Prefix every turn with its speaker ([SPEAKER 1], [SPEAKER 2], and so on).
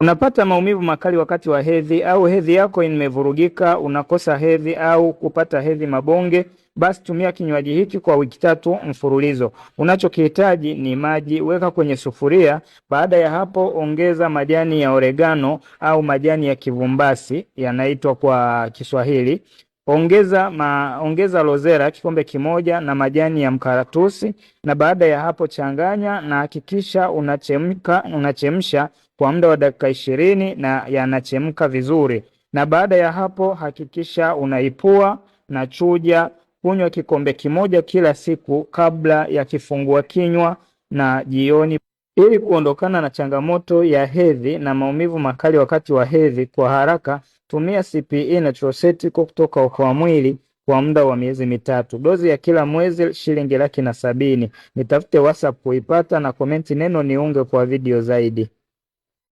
[SPEAKER 1] Unapata maumivu makali wakati wa hedhi au hedhi yako imevurugika, unakosa hedhi au kupata hedhi mabonge, basi tumia kinywaji hiki kwa wiki tatu mfululizo. Unachokihitaji ni maji, weka kwenye sufuria. Baada ya hapo, ongeza majani ya oregano au majani ya kivumbasi, yanaitwa kwa Kiswahili. Ongeza ma, ongeza lozera kikombe kimoja na majani ya mkaratusi, na baada ya hapo changanya na hakikisha unachemka unachemsha kwa muda wa dakika ishirini na yanachemka vizuri, na baada ya hapo hakikisha unaipua na chuja. Kunywa kikombe kimoja kila siku kabla ya kifungua kinywa na jioni, ili kuondokana na changamoto ya hedhi na maumivu makali wakati wa hedhi. Kwa haraka, tumia CPE na kutoka Okoa Mwili kwa muda wa miezi mitatu, dozi ya kila mwezi shilingi laki na sabini. Nitafute WhatsApp kuipata na komenti neno niunge kwa video zaidi.